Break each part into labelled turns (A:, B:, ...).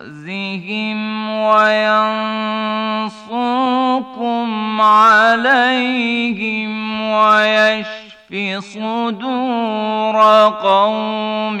A: يُخْزِهِمْ وَيَنصُرْكُمْ عَلَيْهِمْ وَيَشْفِ صُدُورَ قَوْمٍ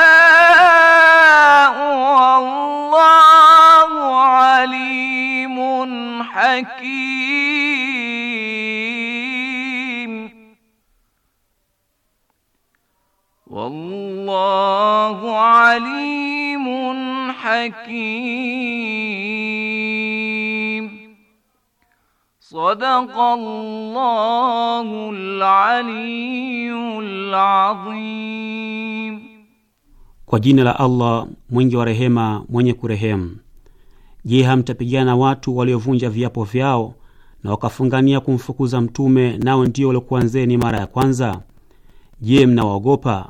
A: alimun hakim. Sadaqallahul aliyul azim.
B: Kwa jina la Allah mwingi wa rehema mwenye kurehemu. Je, hamtapigana watu waliovunja viapo vyao na wakafungania kumfukuza Mtume, nao ndio waliokuanzeni mara ya kwanza? Je, mnawaogopa?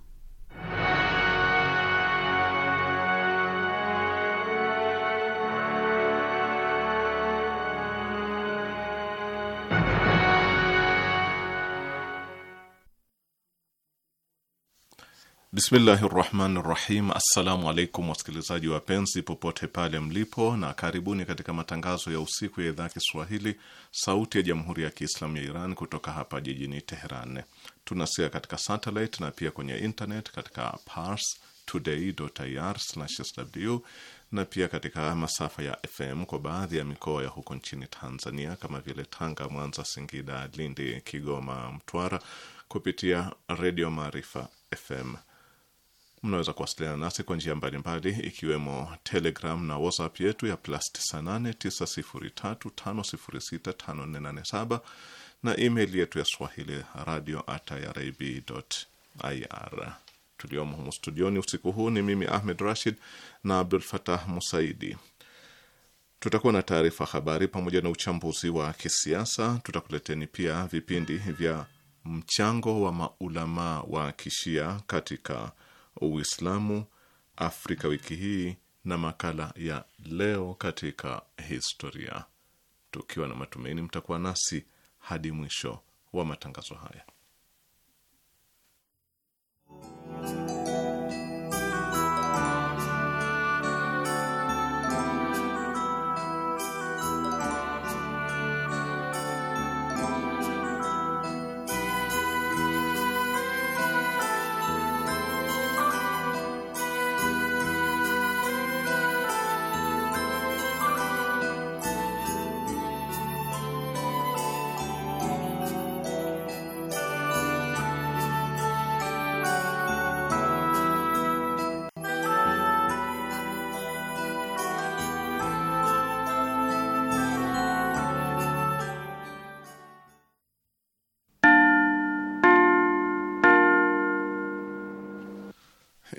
C: Bismillahi rahmani rahim. Assalamu alaikum wasikilizaji wapenzi popote pale mlipo, na karibuni katika matangazo ya usiku ya idhaa Kiswahili sauti ya jamhuri ya Kiislamu ya Iran kutoka hapa jijini Teheran. Tunasikia katika satellite na pia kwenye internet katika parstoday.ir/sw na pia katika masafa ya FM kwa baadhi ya mikoa ya huko nchini Tanzania kama vile Tanga, Mwanza, Singida, Lindi, Kigoma, Mtwara kupitia redio Maarifa FM. Mnaweza kuwasiliana nasi kwa njia mbalimbali ikiwemo Telegram na WhatsApp yetu ya plus 989035065487 na email yetu ya swahili radio at irib.ir. Tuliomo humu studioni usiku huu ni mimi Ahmed Rashid na Abdul Fatah Musaidi. Tutakuwa na taarifa habari pamoja na uchambuzi wa kisiasa. Tutakuleteni pia vipindi vya mchango wa maulamaa wa kishia katika Uislamu Afrika wiki hii na makala ya leo katika historia, tukiwa na matumaini mtakuwa nasi hadi mwisho wa matangazo haya.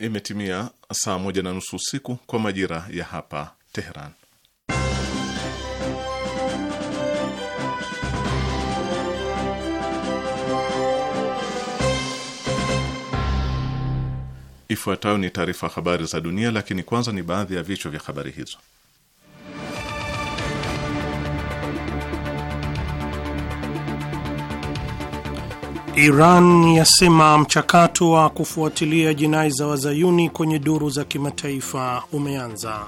C: imetimia saa moja na nusu usiku kwa majira ya hapa Teheran. Ifuatayo ni taarifa habari za dunia, lakini kwanza ni baadhi ya vichwa vya habari hizo.
D: Iran yasema mchakato wa kufuatilia jinai za wazayuni kwenye duru za kimataifa umeanza.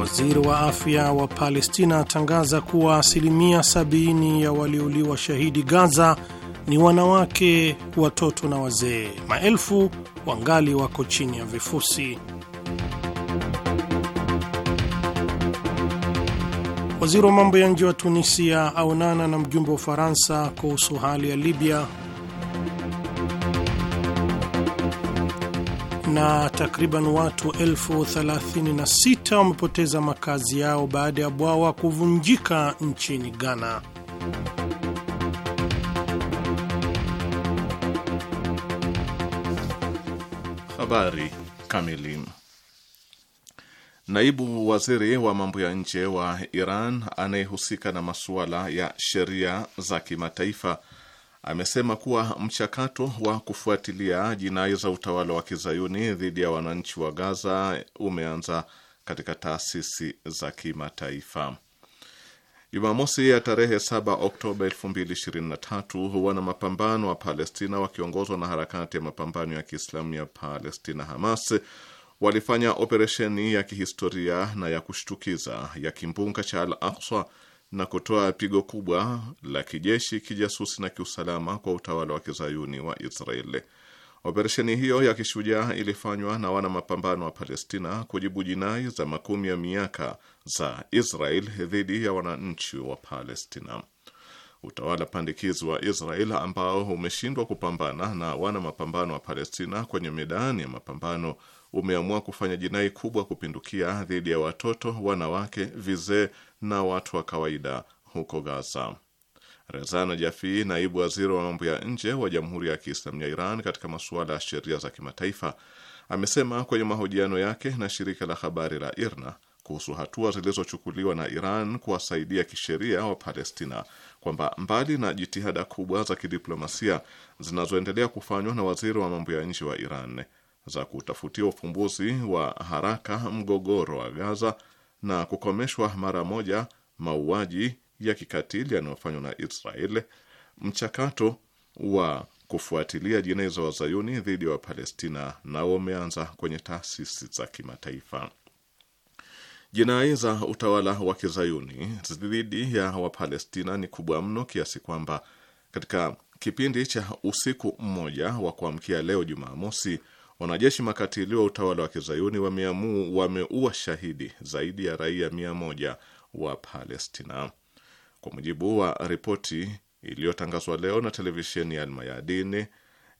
D: Waziri wa afya wa Palestina atangaza kuwa asilimia 70 ya waliouliwa shahidi Gaza ni wanawake, watoto na wazee. Maelfu wangali wako chini ya vifusi. Waziri wa mambo ya nje wa Tunisia aonana na mjumbe wa Ufaransa kuhusu hali ya Libya. Na takriban watu elfu thelathini na sita wamepoteza makazi yao baada ya bwawa kuvunjika nchini Ghana.
C: Habari kamili. Naibu waziri wa mambo ya nje wa Iran anayehusika na masuala ya sheria za kimataifa amesema kuwa mchakato wa kufuatilia jinai za utawala wa kizayuni dhidi ya wananchi wa Gaza umeanza katika taasisi za kimataifa. Jumamosi ya tarehe 7 Oktoba 2023 na mapambano wa Palestina wakiongozwa na harakati ya mapambano ya Kiislamu ya Palestina, Hamas walifanya operesheni ya kihistoria na ya kushtukiza ya kimbunga cha Al Aqsa na kutoa pigo kubwa la kijeshi, kijasusi na kiusalama kwa utawala wa kizayuni wa Israeli. Operesheni hiyo ya kishujaa ilifanywa na wana mapambano wa Palestina kujibu jinai za makumi ya miaka za Israel dhidi ya wananchi wa Palestina. Utawala pandikizi wa Israel ambao umeshindwa kupambana na wana mapambano wa Palestina kwenye medani ya mapambano umeamua kufanya jinai kubwa kupindukia dhidi ya watoto, wanawake, vizee na watu wa kawaida huko Gaza. Reza Najafi, naibu waziri wa mambo ya nje wa Jamhuri ya Kiislamu ya Iran katika masuala ya sheria za kimataifa, amesema kwenye mahojiano yake na shirika la habari la IRNA kuhusu hatua zilizochukuliwa na Iran kuwasaidia kisheria wa Palestina kwamba mbali na jitihada kubwa za kidiplomasia zinazoendelea kufanywa na waziri wa mambo ya nje wa Iran za kutafutia ufumbuzi wa haraka mgogoro wa Gaza na kukomeshwa mara moja mauaji ya kikatili yanayofanywa na israel mchakato wa kufuatilia jinai za wazayuni dhidi ya Wapalestina nao umeanza kwenye taasisi za kimataifa. Jinai za utawala wa kizayuni dhidi ya Wapalestina ni kubwa mno kiasi kwamba katika kipindi cha usiku mmoja wa kuamkia leo Jumamosi Wanajeshi makatili wa utawala wa kizayuni wameamua wameua shahidi zaidi ya raia mia moja wa Palestina kwa mujibu wa ripoti iliyotangazwa leo na televisheni ya Almayadini.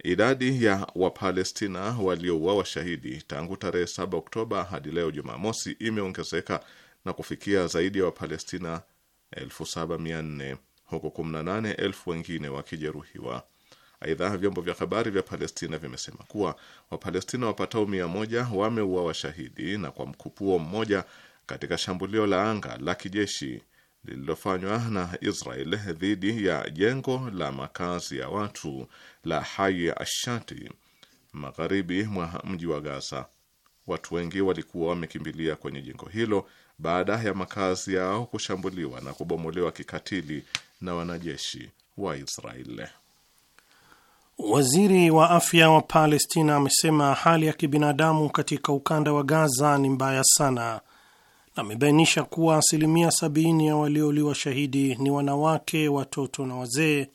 C: Idadi ya Wapalestina waliouawa shahidi tangu tarehe 7 Oktoba hadi leo Jumamosi imeongezeka na kufikia zaidi ya Wapalestina 7400 huku 18,000 wengine wakijeruhiwa. Aidha, vyombo vya habari vya Palestina vimesema kuwa Wapalestina wapatao mia moja wameuawa washahidi na kwa mkupuo mmoja katika shambulio la anga la kijeshi lililofanywa na Israel dhidi ya jengo la makazi ya watu la Hai Ashati magharibi mwa mji wa Gaza. Watu wengi walikuwa wamekimbilia kwenye jengo hilo baada ya makazi yao kushambuliwa na kubomolewa kikatili na wanajeshi wa Israeli.
D: Waziri wa afya wa Palestina amesema hali ya kibinadamu katika ukanda wa Gaza ni mbaya sana na amebainisha kuwa asilimia sabini ya waliouliwa shahidi ni wanawake, watoto na wazee,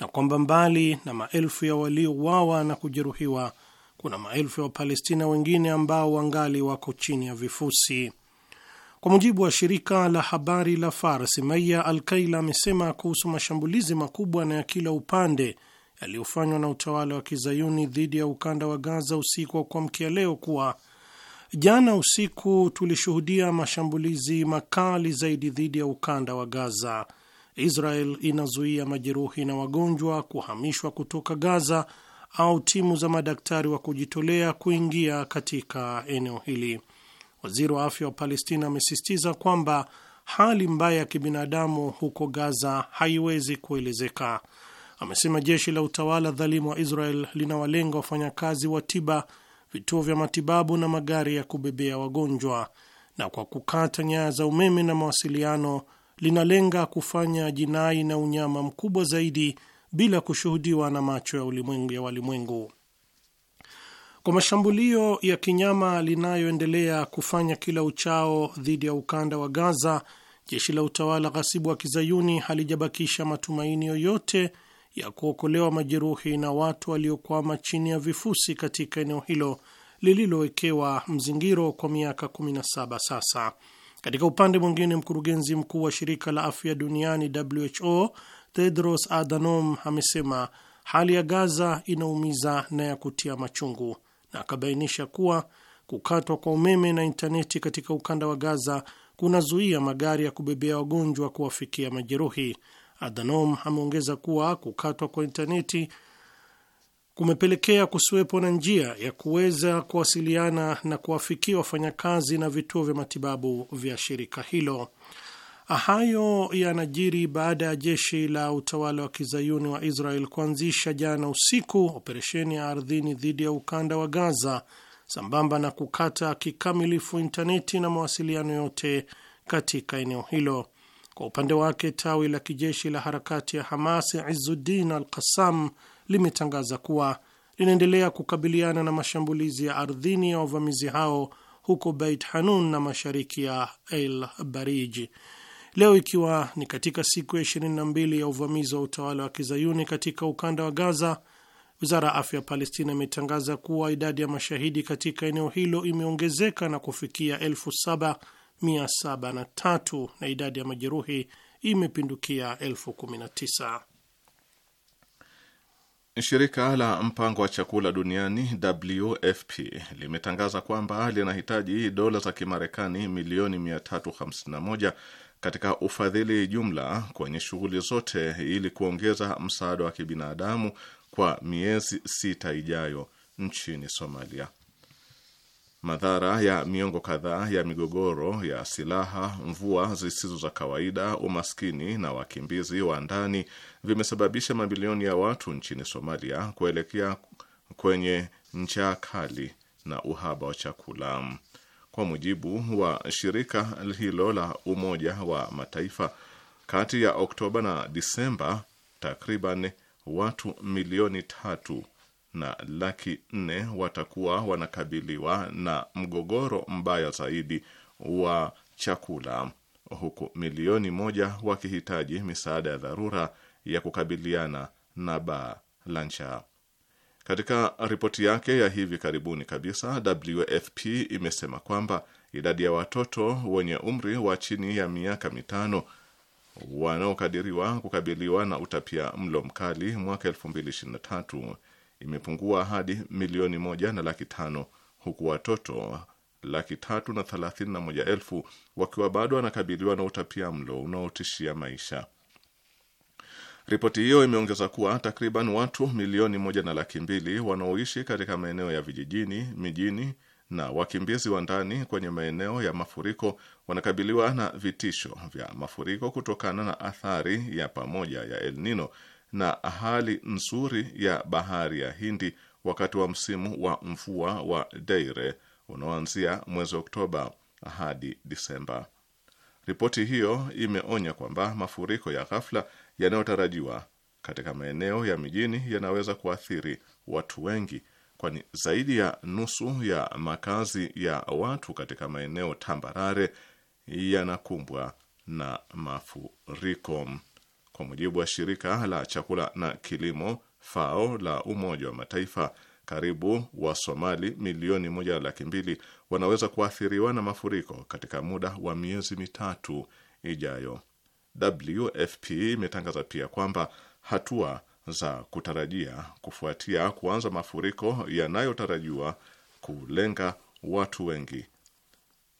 D: na kwamba mbali na maelfu ya waliouawa na kujeruhiwa, kuna maelfu ya Wapalestina wengine ambao wangali wako chini ya vifusi. Kwa mujibu wa shirika la habari la Fars, maia Alkaila amesema kuhusu mashambulizi makubwa na ya kila upande yaliyofanywa na utawala wa kizayuni dhidi ya ukanda wa Gaza usiku wa kuamkia leo kuwa jana usiku tulishuhudia mashambulizi makali zaidi dhidi ya ukanda wa Gaza. Israel inazuia majeruhi na wagonjwa kuhamishwa kutoka Gaza au timu za madaktari wa kujitolea kuingia katika eneo hili. Waziri wa afya wa Palestina amesisitiza kwamba hali mbaya ya kibinadamu huko Gaza haiwezi kuelezeka amesema jeshi la utawala dhalimu wa Israel linawalenga wafanyakazi wa tiba, vituo vya matibabu na magari ya kubebea wagonjwa, na kwa kukata nyaya za umeme na mawasiliano linalenga kufanya jinai na unyama mkubwa zaidi bila kushuhudiwa na macho ya ulimwengu ya walimwengu. Kwa mashambulio ya kinyama linayoendelea kufanya kila uchao dhidi ya ukanda wa Gaza, jeshi la utawala ghasibu wa kizayuni halijabakisha matumaini yoyote ya kuokolewa majeruhi na watu waliokwama chini ya vifusi katika eneo hilo lililowekewa mzingiro kwa miaka 17 sasa. Katika upande mwingine, mkurugenzi mkuu wa shirika la afya duniani WHO Tedros Adhanom amesema hali ya Gaza inaumiza na ya kutia machungu, na akabainisha kuwa kukatwa kwa umeme na intaneti katika ukanda wa Gaza kunazuia magari ya kubebea wagonjwa kuwafikia majeruhi Adhanom ameongeza kuwa kukatwa kwa intaneti kumepelekea kusiwepo na njia ya kuweza kuwasiliana na kuwafikia wafanyakazi na vituo vya matibabu vya shirika hilo. Hayo yanajiri baada ya jeshi la utawala wa kizayuni wa Israel kuanzisha jana usiku operesheni ya ardhini dhidi ya ukanda wa Gaza sambamba na kukata kikamilifu intaneti na mawasiliano yote katika eneo hilo. Kwa upande wake tawi la kijeshi la harakati ya Hamas ya Izzuddin al Qassam limetangaza kuwa linaendelea kukabiliana na mashambulizi ya ardhini ya wavamizi hao huko Beit Hanun na mashariki ya El Barij. Leo ikiwa ni katika siku ya 22 ya uvamizi wa utawala wa kizayuni katika ukanda wa Gaza, wizara ya afya ya Palestina imetangaza kuwa idadi ya mashahidi katika eneo hilo imeongezeka na kufikia elfu saba 703 na idadi ya majeruhi imepindukia elfu kumi na tisa.
C: Shirika la mpango wa chakula duniani WFP limetangaza kwamba linahitaji dola za Kimarekani milioni 351 katika ufadhili jumla kwenye shughuli zote ili kuongeza msaada wa kibinadamu kwa miezi sita ijayo nchini Somalia. Madhara ya miongo kadhaa ya migogoro ya silaha, mvua zisizo za kawaida, umaskini na wakimbizi wa ndani vimesababisha mabilioni ya watu nchini Somalia kuelekea kwenye njaa kali na uhaba wa chakula. Kwa mujibu wa shirika hilo la Umoja wa Mataifa, kati ya Oktoba na Disemba takriban watu milioni tatu na laki nne watakuwa wanakabiliwa na mgogoro mbaya zaidi wa chakula, huku milioni moja wakihitaji misaada ya dharura ya kukabiliana na baa la njaa. Katika ripoti yake ya hivi karibuni kabisa, WFP imesema kwamba idadi ya watoto wenye umri wa chini ya miaka mitano wanaokadiriwa kukabiliwa na utapia mlo mkali mwaka tatu imepungua hadi milioni moja na laki tano huku watoto laki tatu na thelathini na moja elfu wakiwa bado wanakabiliwa na utapia mlo unaotishia maisha. Ripoti hiyo imeongeza kuwa takriban watu milioni moja na laki mbili wanaoishi katika maeneo ya vijijini, mijini na wakimbizi wa ndani kwenye maeneo ya mafuriko wanakabiliwa na vitisho vya mafuriko kutokana na athari ya pamoja ya El Nino na hali nzuri ya bahari ya Hindi wakati wa msimu wa mvua wa Deire unaoanzia mwezi Oktoba hadi Disemba. Ripoti hiyo imeonya kwamba mafuriko ya ghafla yanayotarajiwa katika maeneo ya mijini yanaweza kuathiri watu wengi, kwani zaidi ya nusu ya makazi ya watu katika maeneo tambarare yanakumbwa na mafuriko. Kwa mujibu wa shirika la chakula na kilimo FAO la Umoja wa Mataifa, karibu Wasomali milioni moja laki mbili wanaweza kuathiriwa na mafuriko katika muda wa miezi mitatu ijayo. WFP imetangaza pia kwamba hatua za kutarajia kufuatia kuanza mafuriko yanayotarajiwa kulenga watu wengi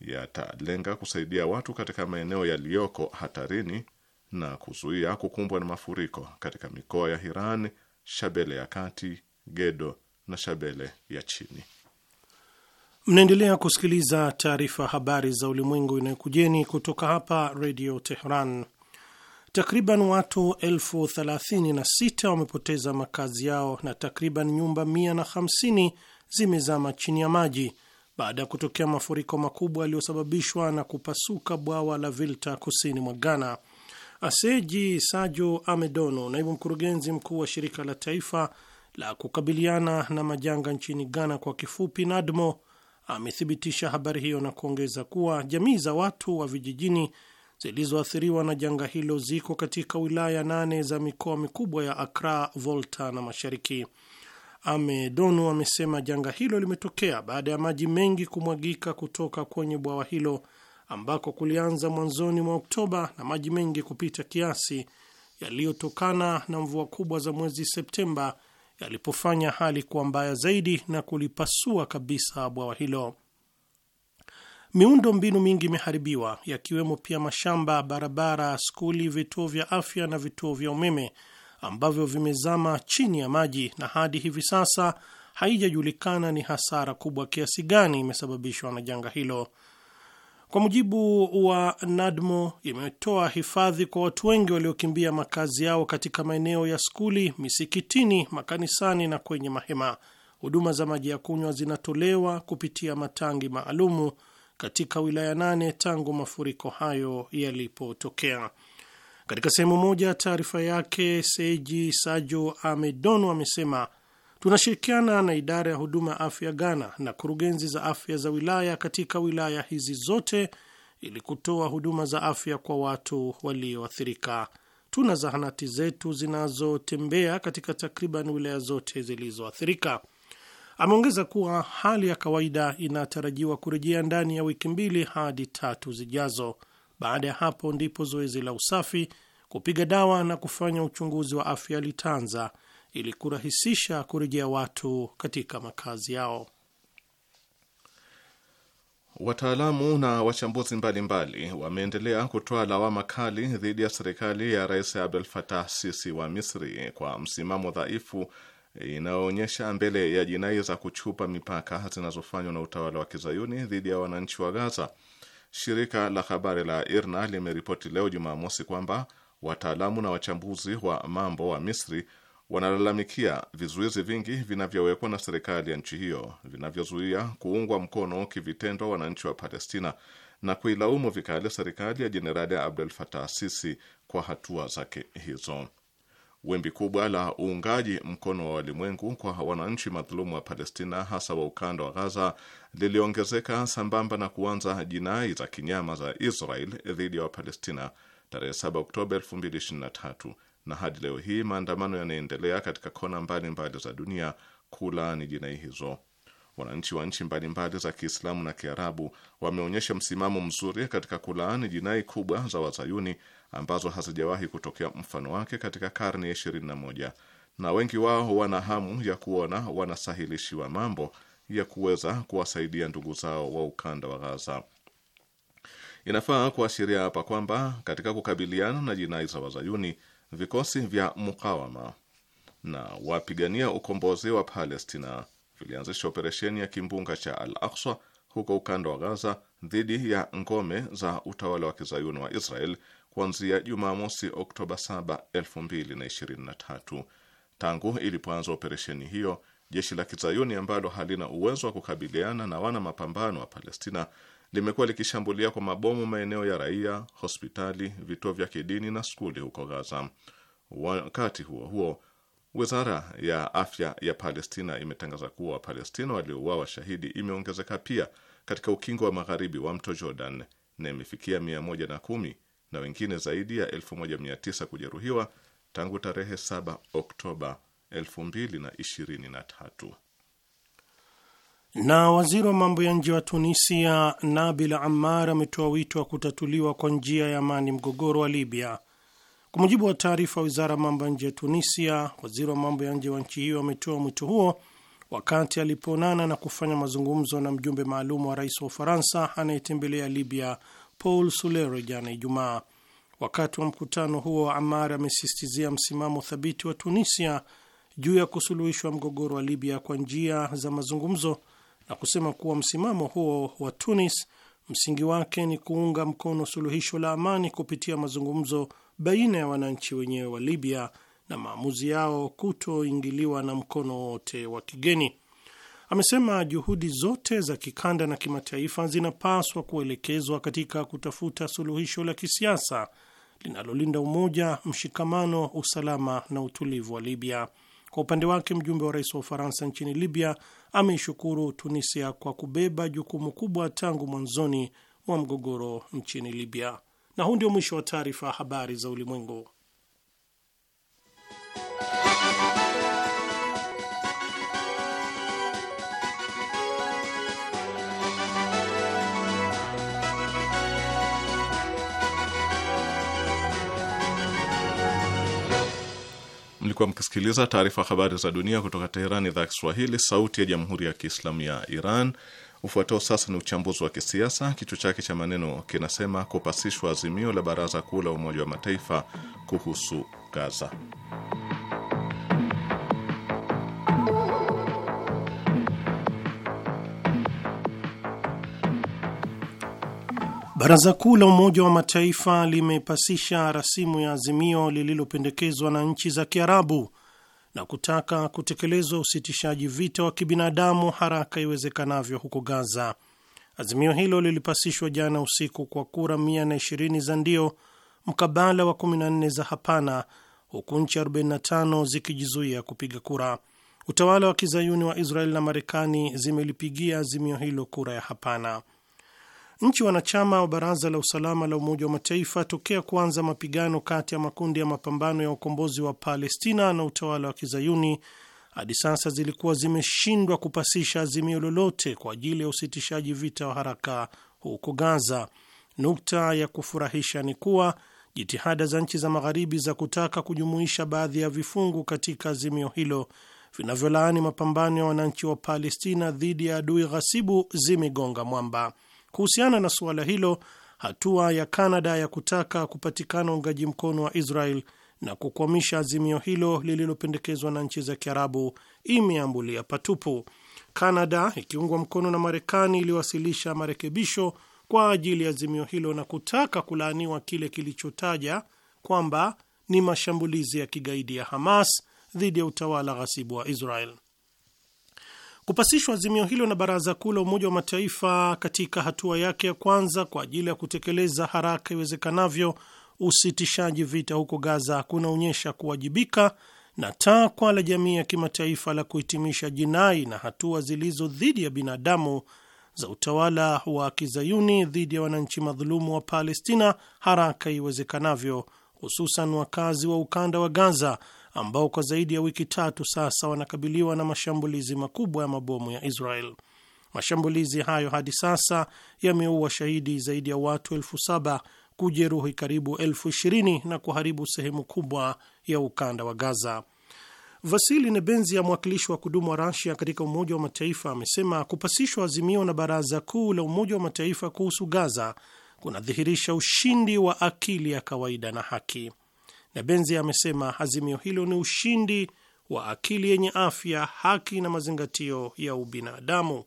C: yatalenga kusaidia watu katika maeneo yaliyoko hatarini na kuzuia kukumbwa na mafuriko katika mikoa ya Hiran, Shabele ya kati, Gedo na Shabele ya chini.
D: Mnaendelea kusikiliza taarifa habari za ulimwengu inayokujeni kutoka hapa Redio Teheran. Takriban watu elfu 36 wamepoteza makazi yao na takriban nyumba 150 zimezama chini ya maji baada ya kutokea mafuriko makubwa yaliyosababishwa na kupasuka bwawa la Vilta kusini mwa Ghana. Aseji Sajo Amedono, naibu mkurugenzi mkuu wa shirika la taifa la kukabiliana na majanga nchini Ghana, kwa kifupi NADMO, amethibitisha habari hiyo na kuongeza kuwa jamii za watu wa vijijini zilizoathiriwa na janga hilo ziko katika wilaya nane za mikoa mikubwa ya Akra, Volta na Mashariki. amedonu amesema janga hilo limetokea baada ya maji mengi kumwagika kutoka kwenye bwawa hilo ambako kulianza mwanzoni mwa Oktoba na maji mengi kupita kiasi yaliyotokana na mvua kubwa za mwezi Septemba yalipofanya hali kuwa mbaya zaidi na kulipasua kabisa bwawa hilo. Miundo mbinu mingi imeharibiwa, yakiwemo pia mashamba, barabara, skuli, vituo vya afya na vituo vya umeme ambavyo vimezama chini ya maji, na hadi hivi sasa haijajulikana ni hasara kubwa kiasi gani imesababishwa na janga hilo. Kwa mujibu wa NADMO, imetoa hifadhi kwa watu wengi waliokimbia makazi yao katika maeneo ya skuli, misikitini, makanisani na kwenye mahema. Huduma za maji ya kunywa zinatolewa kupitia matangi maalumu katika wilaya nane tangu mafuriko hayo yalipotokea. Katika sehemu moja ya taarifa yake, Seji Sajo Amedono amesema Tunashirikiana na idara ya huduma ya afya Ghana na kurugenzi za afya za wilaya katika wilaya hizi zote ili kutoa huduma za afya kwa watu walioathirika. Tuna zahanati zetu zinazotembea katika takriban wilaya zote zilizoathirika. Ameongeza kuwa hali ya kawaida inatarajiwa kurejea ndani ya wiki mbili hadi tatu zijazo. Baada ya hapo ndipo zoezi la usafi, kupiga dawa na kufanya uchunguzi wa afya litaanza ili kurahisisha kurejea watu katika makazi yao.
C: Wataalamu na wachambuzi mbalimbali wameendelea kutoa lawama kali dhidi ya serikali ya Rais Abdel Fattah Sisi wa Misri kwa msimamo dhaifu inayoonyesha mbele ya jinai za kuchupa mipaka zinazofanywa na utawala wa kizayuni dhidi ya wananchi wa Gaza. Shirika la habari la IRNA limeripoti leo Jumamosi kwamba wataalamu na wachambuzi wa mambo wa Misri wanalalamikia vizuizi vingi vinavyowekwa na serikali ya nchi hiyo vinavyozuia kuungwa mkono kivitendo wananchi wa Palestina na kuilaumu vikali serikali ya Jenerali Abdel Fattah Sisi kwa hatua zake hizo. Wimbi kubwa la uungaji mkono wa walimwengu kwa wananchi madhulumu wa Palestina, hasa wa ukanda wa Ghaza, liliongezeka sambamba na kuanza jinai za kinyama za Israel dhidi ya Wapalestina tarehe 7 Oktoba 2023 na hadi leo hii maandamano yanaendelea katika kona mbalimbali mbali za dunia kulaani jinai hizo. Wananchi wa nchi mbalimbali za Kiislamu na Kiarabu wameonyesha msimamo mzuri katika kulaani jinai kubwa za Wazayuni ambazo hazijawahi kutokea mfano wake katika karne ya 21 na wengi wao wana hamu ya kuona wanasahilishiwa mambo ya kuweza kuwasaidia ndugu zao wa ukanda wa Gaza. Inafaa kuashiria hapa kwamba katika kukabiliana na jinai za Wazayuni, vikosi vya mukawama na wapigania ukombozi wa Palestina vilianzisha operesheni ya kimbunga cha Al akswa huko ukanda wa Gaza dhidi ya ngome za utawala wa kizayuni wa Israel kuanzia Jumamosi, Oktoba 7, 2023. Tangu ilipoanza operesheni hiyo, jeshi la kizayuni ambalo halina uwezo wa kukabiliana na wana mapambano wa Palestina limekuwa likishambulia kwa mabomu maeneo ya raia, hospitali, vituo vya kidini na skuli huko Gaza. Wakati huo huo, wizara ya afya ya Palestina imetangaza kuwa Wapalestina waliouawa shahidi imeongezeka pia katika ukingo wa magharibi wa mto Jordan na imefikia 110 na wengine zaidi ya 1900 kujeruhiwa tangu tarehe 7 Oktoba 2023.
D: Na waziri wa mambo ya nje wa Tunisia Nabil Ammar ametoa wito wa kutatuliwa kwa njia ya amani mgogoro wa Libya. Kwa mujibu wa taarifa ya wizara ya mambo ya nje ya Tunisia, waziri wa mambo ya nje wa nchi hiyo ametoa mwito huo wakati aliponana na kufanya mazungumzo na mjumbe maalum wa rais wa Ufaransa anayetembelea Libya, Paul Sulero, jana Ijumaa. Wakati wa mkutano huo, amar amesistizia msimamo thabiti wa Tunisia juu ya kusuluhishwa mgogoro wa Libya kwa njia za mazungumzo na kusema kuwa msimamo huo wa Tunis msingi wake ni kuunga mkono suluhisho la amani kupitia mazungumzo baina ya wananchi wenyewe wa Libya na maamuzi yao kutoingiliwa na mkono wote wa kigeni. Amesema juhudi zote za kikanda na kimataifa zinapaswa kuelekezwa katika kutafuta suluhisho la kisiasa linalolinda umoja, mshikamano, usalama na utulivu wa Libya. Kwa upande wake, mjumbe wa rais wa Ufaransa nchini Libya ameishukuru Tunisia kwa kubeba jukumu kubwa tangu mwanzoni wa mgogoro nchini Libya. Na huu ndio mwisho wa taarifa ya habari za ulimwengu.
C: Mlikuwa mkisikiliza taarifa habari za dunia kutoka Teherani, idhaa ya Kiswahili, sauti ya jamhuri ya kiislamu ya Iran. Ufuatao sasa ni uchambuzi wa kisiasa, kichwa chake cha maneno kinasema kupasishwa azimio la baraza kuu la Umoja wa Mataifa kuhusu Gaza.
D: Baraza Kuu la Umoja wa Mataifa limepasisha rasimu ya azimio lililopendekezwa na nchi za Kiarabu na kutaka kutekelezwa usitishaji vita wa kibinadamu haraka iwezekanavyo huko Gaza. Azimio hilo lilipasishwa jana usiku kwa kura 120 za ndio mkabala wa 14 za hapana, huku nchi 45 zikijizuia kupiga kura. Utawala wa kizayuni wa Israeli na Marekani zimelipigia azimio hilo kura ya hapana. Nchi wanachama wa Baraza la Usalama la Umoja wa Mataifa tokea kuanza mapigano kati ya makundi ya mapambano ya ukombozi wa Palestina na utawala wa kizayuni hadi sasa zilikuwa zimeshindwa kupasisha azimio lolote kwa ajili ya usitishaji vita wa haraka huko Gaza. Nukta ya kufurahisha ni kuwa jitihada za nchi za Magharibi za kutaka kujumuisha baadhi ya vifungu katika azimio hilo vinavyolaani mapambano ya wananchi wa Palestina dhidi ya adui ghasibu zimegonga mwamba. Kuhusiana na suala hilo, hatua ya Kanada ya kutaka kupatikana uungaji mkono wa Israel na kukwamisha azimio hilo lililopendekezwa na nchi za Kiarabu imeambulia patupu. Kanada ikiungwa mkono na Marekani iliwasilisha marekebisho kwa ajili ya azimio hilo na kutaka kulaaniwa kile kilichotaja kwamba ni mashambulizi ya kigaidi ya Hamas dhidi ya utawala ghasibu wa Israel. Kupasishwa azimio hilo na Baraza Kuu la Umoja wa Mataifa katika hatua yake ya kwanza kwa ajili ya kutekeleza haraka iwezekanavyo usitishaji vita huko Gaza kunaonyesha kuwajibika na takwa la jamii ya kimataifa la kuhitimisha jinai na hatua zilizo dhidi ya binadamu za utawala wa kizayuni dhidi ya wananchi madhulumu wa Palestina haraka iwezekanavyo hususan wakazi wa ukanda wa Gaza ambao kwa zaidi ya wiki tatu sasa wanakabiliwa na mashambulizi makubwa ya mabomu ya Israel. Mashambulizi hayo hadi sasa yameua shahidi zaidi ya watu elfu saba kujeruhi karibu elfu ishirini na kuharibu sehemu kubwa ya ukanda wa Gaza. Vasili nebenzi ya mwakilishi wa kudumu wa Rasia katika Umoja wa Mataifa, amesema kupasishwa azimio na Baraza Kuu la Umoja wa Mataifa kuhusu Gaza kunadhihirisha ushindi wa akili ya kawaida na haki. Na Benzi amesema azimio hilo ni ushindi wa akili yenye afya, haki na mazingatio ya ubinadamu.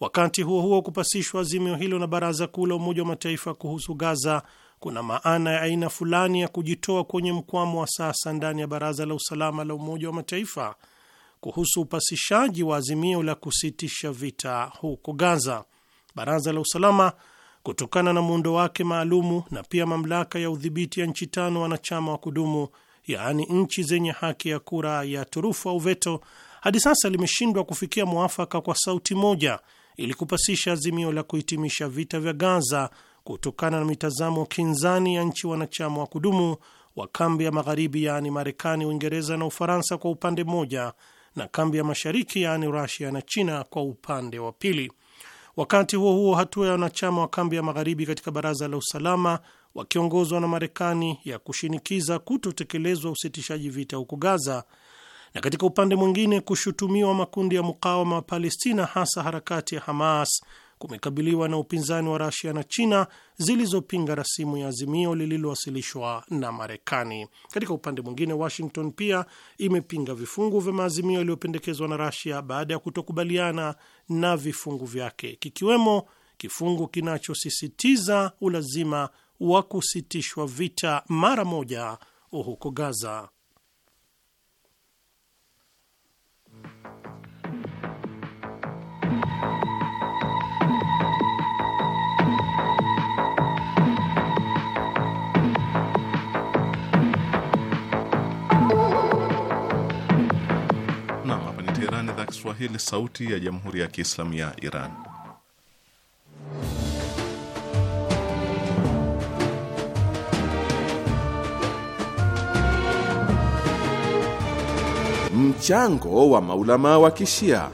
D: Wakati huo huo, kupasishwa azimio hilo na Baraza Kuu la Umoja wa Mataifa kuhusu Gaza kuna maana ya aina fulani ya kujitoa kwenye mkwamo wa sasa ndani ya Baraza la Usalama la Umoja wa Mataifa kuhusu upasishaji wa azimio la kusitisha vita huko Gaza. Baraza la Usalama kutokana na muundo wake maalumu na pia mamlaka ya udhibiti ya nchi tano wanachama wa kudumu, yaani nchi zenye haki ya kura ya turufu au veto, hadi sasa limeshindwa kufikia mwafaka kwa sauti moja ili kupasisha azimio la kuhitimisha vita vya Gaza kutokana na mitazamo kinzani ya nchi wanachama wa kudumu wa kambi ya magharibi yaani Marekani, Uingereza na Ufaransa kwa upande mmoja na kambi ya mashariki yaani Rusia na China kwa upande wa pili. Wakati huo huo, hatua ya wanachama wa kambi ya magharibi katika baraza la usalama wakiongozwa na Marekani ya kushinikiza kutotekelezwa usitishaji vita huko Gaza, na katika upande mwingine kushutumiwa makundi ya mukawama wa Palestina, hasa harakati ya Hamas kumekabiliwa na upinzani wa Rasia na China zilizopinga rasimu ya azimio lililowasilishwa na Marekani. Katika upande mwingine, Washington pia imepinga vifungu vya maazimio yaliyopendekezwa na Rasia baada ya kutokubaliana na vifungu vyake, kikiwemo kifungu kinachosisitiza ulazima wa kusitishwa vita mara moja huko Gaza.
C: Kiswahili, Sauti ya Jamhuri ya Kiislamu ya Iran. Mchango wa maulama wa Kishia.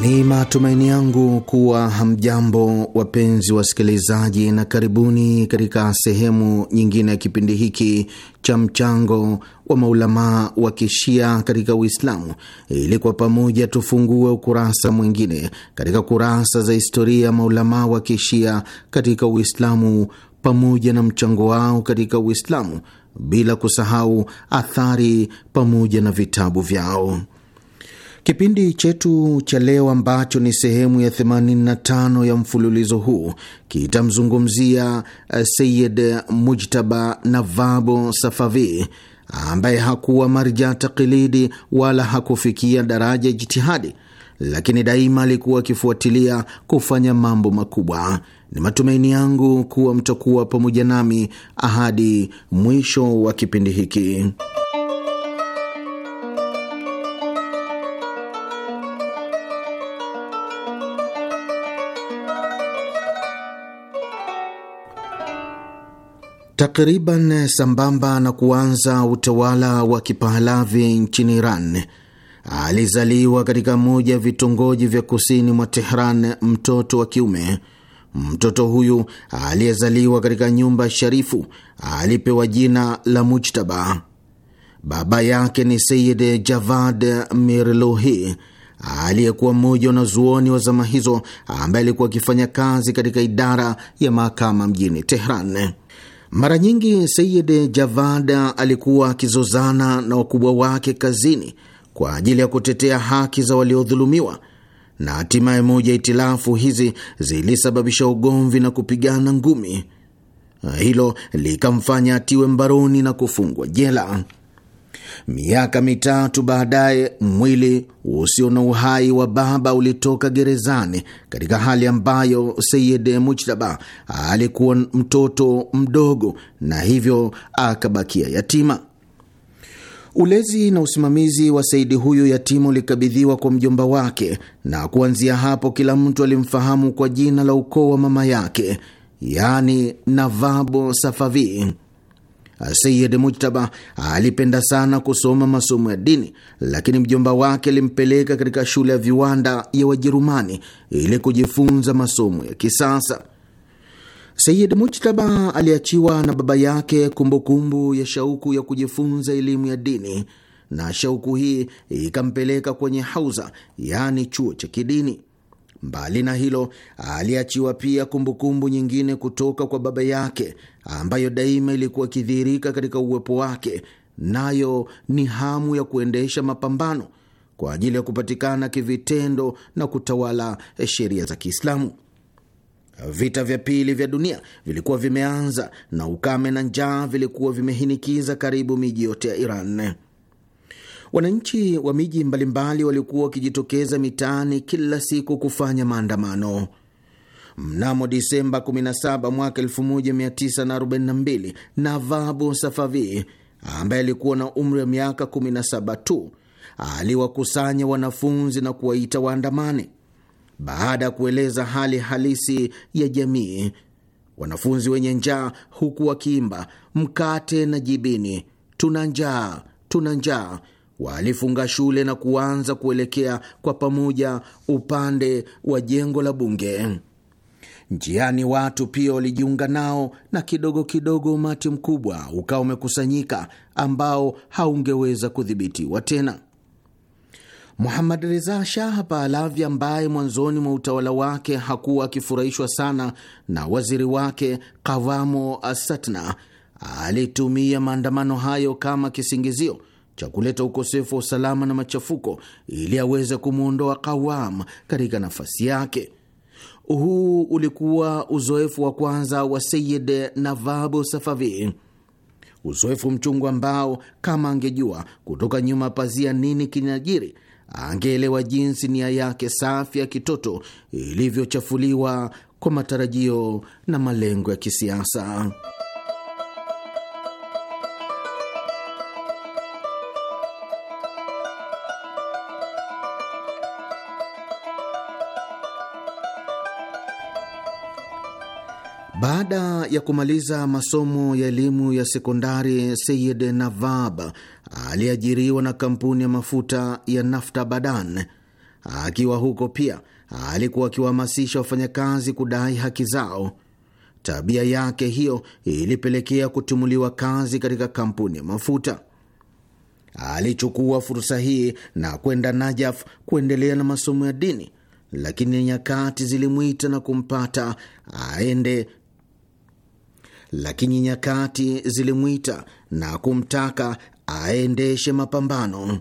E: Ni matumaini yangu kuwa hamjambo, wapenzi wasikilizaji, na karibuni katika sehemu nyingine ya kipindi hiki cha mchango wa maulamaa wa kishia katika Uislamu, ili kwa pamoja tufungue ukurasa mwingine katika kurasa za historia ya maulamaa wa kishia katika Uislamu pamoja na mchango wao katika Uislamu, bila kusahau athari pamoja na vitabu vyao. Kipindi chetu cha leo ambacho ni sehemu ya 85 ya mfululizo huu kitamzungumzia eh, Sayid Mujtaba Navabo Safavi ambaye hakuwa marja taklidi wala hakufikia daraja ya jitihadi, lakini daima alikuwa akifuatilia kufanya mambo makubwa. Ni matumaini yangu kuwa mtakuwa pamoja nami ahadi mwisho wa kipindi hiki. Takriban sambamba na kuanza utawala wa kipahalavi nchini Iran, alizaliwa katika moja ya vitongoji vya kusini mwa Tehran mtoto wa kiume. Mtoto huyu aliyezaliwa katika nyumba ya sharifu alipewa jina la Mujtaba. Baba yake ni Seyid Javad Mirlohi aliyekuwa mmoja wanazuoni wa zama hizo ambaye alikuwa akifanya kazi katika idara ya mahakama mjini Tehran. Mara nyingi Sayid Javada alikuwa akizozana na wakubwa wake kazini kwa ajili ya kutetea haki za waliodhulumiwa, na hatimaye moja itilafu hizi zilisababisha ugomvi na kupigana ngumi. Hilo likamfanya atiwe mbaroni na kufungwa jela. Miaka mitatu baadaye, mwili usio na uhai wa baba ulitoka gerezani katika hali ambayo seyid Mujtaba alikuwa mtoto mdogo na hivyo akabakia yatima. Ulezi na usimamizi wa Saidi huyu yatima ulikabidhiwa kwa mjomba wake, na kuanzia hapo kila mtu alimfahamu kwa jina la ukoo wa mama yake, yaani Navabo Safavi. Sayid Mujtaba alipenda sana kusoma masomo ya dini, lakini mjomba wake alimpeleka katika shule ya viwanda ya Wajerumani ili kujifunza masomo ya kisasa. Sayid Mujtaba aliachiwa na baba yake kumbukumbu kumbu ya shauku ya kujifunza elimu ya dini, na shauku hii ikampeleka kwenye hauza, yaani chuo cha kidini. Mbali na hilo, aliachiwa pia kumbukumbu kumbu nyingine kutoka kwa baba yake ambayo daima ilikuwa ikidhihirika katika uwepo wake, nayo ni hamu ya kuendesha mapambano kwa ajili ya kupatikana kivitendo na kutawala eh, sheria za Kiislamu. Vita vya pili vya dunia vilikuwa vimeanza na ukame na njaa vilikuwa vimehinikiza karibu miji yote ya Iran. Wananchi wa miji mbalimbali walikuwa wakijitokeza mitaani kila siku kufanya maandamano. Mnamo Disemba 17 mwaka 1942, Safavi ambaye alikuwa na umri wa miaka 17 tu aliwakusanya wanafunzi na kuwaita waandamani Baada ya kueleza hali halisi ya jamii, wanafunzi wenye njaa, huku wakiimba mkate na jibini, tuna njaa, tuna njaa, walifunga shule na kuanza kuelekea kwa pamoja upande wa jengo la bunge. Njiani watu pia walijiunga nao, na kidogo kidogo umati mkubwa ukawa umekusanyika ambao haungeweza kudhibitiwa tena. Muhammad Reza Shah Pahlavi, ambaye mwanzoni mwa utawala wake hakuwa akifurahishwa sana na waziri wake Kavamo Asatna, alitumia maandamano hayo kama kisingizio cha kuleta ukosefu wa usalama na machafuko ili aweze kumwondoa Kawam katika nafasi yake. Huu ulikuwa uzoefu wa kwanza wa Sayid Navabu Safavi, uzoefu mchungu ambao kama angejua kutoka nyuma pazia nini kinajiri, angeelewa jinsi nia yake safi ya kitoto ilivyochafuliwa kwa matarajio na malengo ya kisiasa. Baada ya kumaliza masomo ya elimu ya sekondari, Sayid Navab aliajiriwa na kampuni ya mafuta ya Nafta Badan. Akiwa huko pia alikuwa akiwahamasisha wafanyakazi kudai haki zao. Tabia yake hiyo ilipelekea kutumuliwa kazi katika kampuni ya mafuta. Alichukua fursa hii na kwenda Najaf kuendelea na masomo ya dini, lakini nyakati zilimwita na kumpata aende lakini nyakati zilimwita na kumtaka aendeshe mapambano.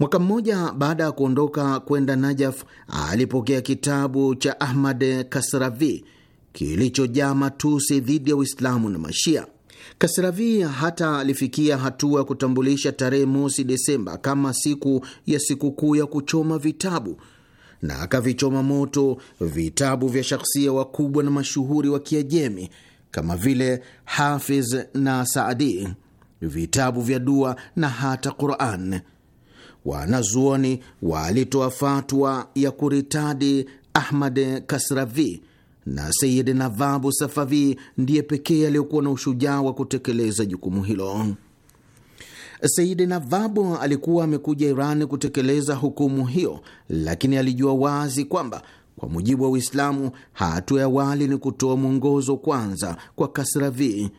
E: Mwaka mmoja baada ya kuondoka kwenda Najaf, alipokea kitabu cha Ahmad Kasravi kilichojaa matusi dhidi ya Uislamu na Mashia. Kasravi hata alifikia hatua ya kutambulisha tarehe mosi Desemba kama siku ya sikukuu ya kuchoma vitabu na akavichoma moto vitabu vya shakhsia wakubwa na mashuhuri wa Kiajemi kama vile Hafiz na Saadi, vitabu vya dua na hata Quran. Wanazuoni walitoa fatwa ya kuritadi Ahmad Kasravi na Sayid Navabu Safavi ndiye pekee aliyokuwa na ushujaa wa kutekeleza jukumu hilo. Sayid Navabu alikuwa amekuja Iran kutekeleza hukumu hiyo, lakini alijua wazi kwamba kwa mujibu wa Uislamu, hatua ya awali ni kutoa mwongozo kwanza kwa Kasravi.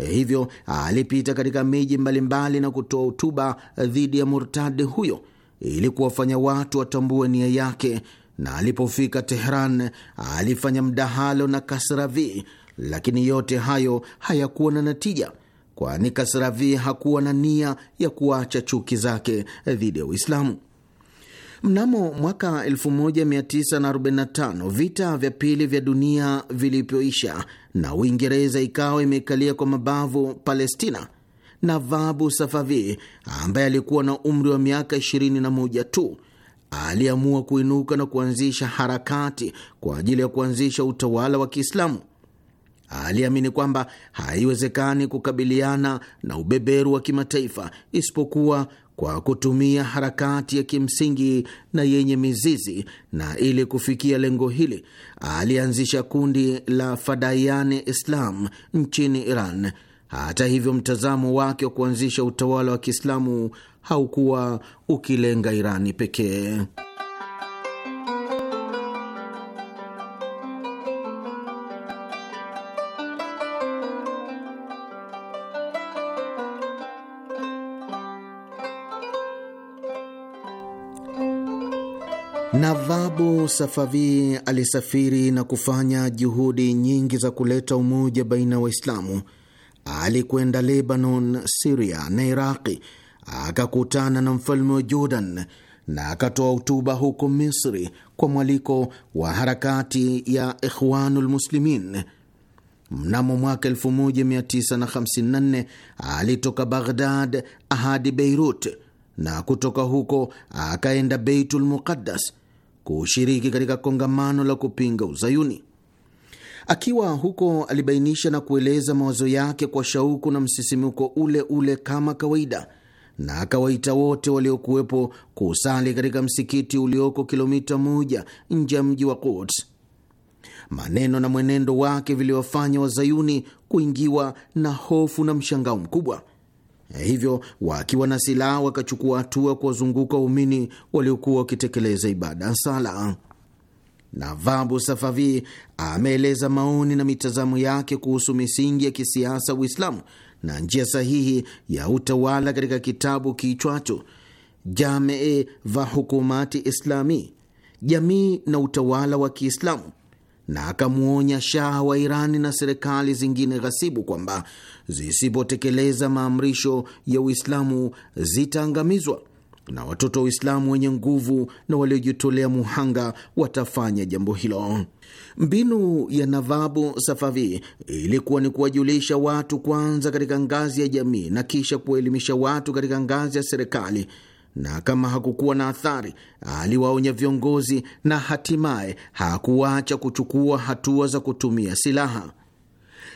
E: Eh, hivyo alipita katika miji mbalimbali na kutoa hutuba dhidi ya murtadi huyo ili kuwafanya watu watambue nia yake, na alipofika Tehran alifanya mdahalo na Kasravi, lakini yote hayo hayakuwa na natija, kwani Kasravi hakuwa na nia ya kuacha chuki zake dhidi ya Uislamu. Mnamo mwaka 1945 vita vya pili vya dunia vilipyoisha na Uingereza ikawa imekalia kwa mabavu Palestina, Navabu Safavi ambaye alikuwa na umri wa miaka 21 tu aliamua kuinuka na kuanzisha harakati kwa ajili ya kuanzisha utawala wa Kiislamu. Aliamini kwamba haiwezekani kukabiliana na ubeberu wa kimataifa isipokuwa kwa kutumia harakati ya kimsingi na yenye mizizi, na ili kufikia lengo hili alianzisha kundi la Fadayane Islam nchini Iran. Hata hivyo, mtazamo wake wa kuanzisha utawala wa Kiislamu haukuwa ukilenga Irani pekee. navabu Safavi alisafiri na kufanya juhudi nyingi za kuleta umoja baina ya Waislamu. Alikwenda Lebanon, Siria na Iraqi, akakutana na mfalme wa Jordan na akatoa hotuba huko Misri kwa mwaliko wa harakati ya Ikhwanul Muslimin. Mnamo mwaka 1954 alitoka Baghdad hadi Beirut na kutoka huko akaenda Beitul Muqaddas kushiriki katika kongamano la kupinga Uzayuni. Akiwa huko, alibainisha na kueleza mawazo yake kwa shauku na msisimuko ule ule kama kawaida, na akawaita wote waliokuwepo kusali katika msikiti ulioko kilomita moja nje ya mji wa Quds. Maneno na mwenendo wake viliwafanya Wazayuni kuingiwa na hofu na mshangao mkubwa. Hivyo wakiwa na silaha wakachukua hatua kuwazunguka waumini waliokuwa wakitekeleza ibada ya sala. Navabu Safavi ameeleza maoni na mitazamo yake kuhusu misingi ya kisiasa Uislamu na njia sahihi ya utawala katika kitabu kiitwacho Jamee va Hukumati Islami, jamii na utawala wa Kiislamu, na akamwonya shaha wa Irani na serikali zingine ghasibu kwamba zisipotekeleza maamrisho ya Uislamu zitaangamizwa na watoto wa Uislamu wenye nguvu na waliojitolea muhanga watafanya jambo hilo. Mbinu ya Navabu Safavi ilikuwa ni kuwajulisha watu kwanza katika ngazi ya jamii na kisha kuwaelimisha watu katika ngazi ya serikali na kama hakukuwa na athari, aliwaonya viongozi na hatimaye hakuacha kuchukua hatua za kutumia silaha.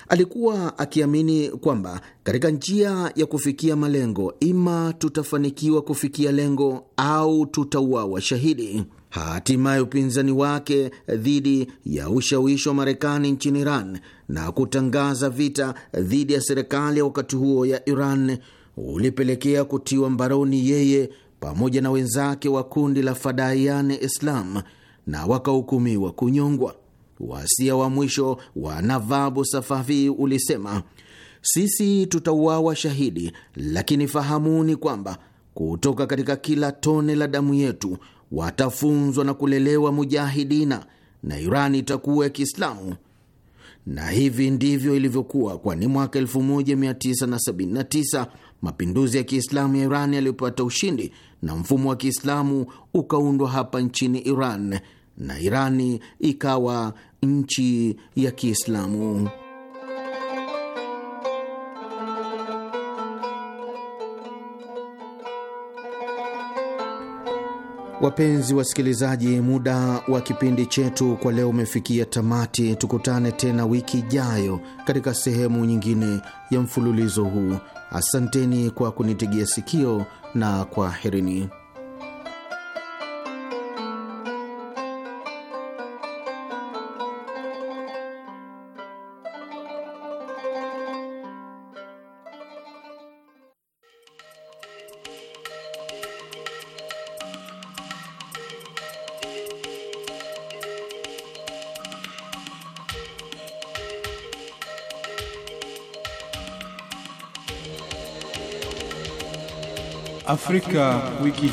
E: Alikuwa akiamini kwamba katika njia ya kufikia malengo, ima tutafanikiwa kufikia lengo au tutauawa shahidi. Hatimaye upinzani wake dhidi ya ushawishi wa Marekani nchini Iran na kutangaza vita dhidi ya serikali ya wakati huo ya Iran ulipelekea kutiwa mbaroni yeye pamoja na wenzake wa kundi la Fadaiane Islam na wakahukumiwa kunyongwa. Wasia wa mwisho wa Navabu Safavi ulisema, sisi tutauawa shahidi, lakini fahamuni kwamba kutoka katika kila tone la damu yetu watafunzwa na kulelewa mujahidina na Irani itakuwa ya Kiislamu. Na hivi ndivyo ilivyokuwa, kwani mwaka 1979 mapinduzi ya Kiislamu ya Irani yaliyopata ushindi na mfumo wa Kiislamu ukaundwa hapa nchini Iran na Irani ikawa nchi ya Kiislamu. Wapenzi wasikilizaji, muda wa kipindi chetu kwa leo umefikia tamati. Tukutane tena wiki ijayo katika sehemu nyingine ya mfululizo huu. Asanteni kwa kunitigia sikio na kwaherini.
D: Afrika wiki hii.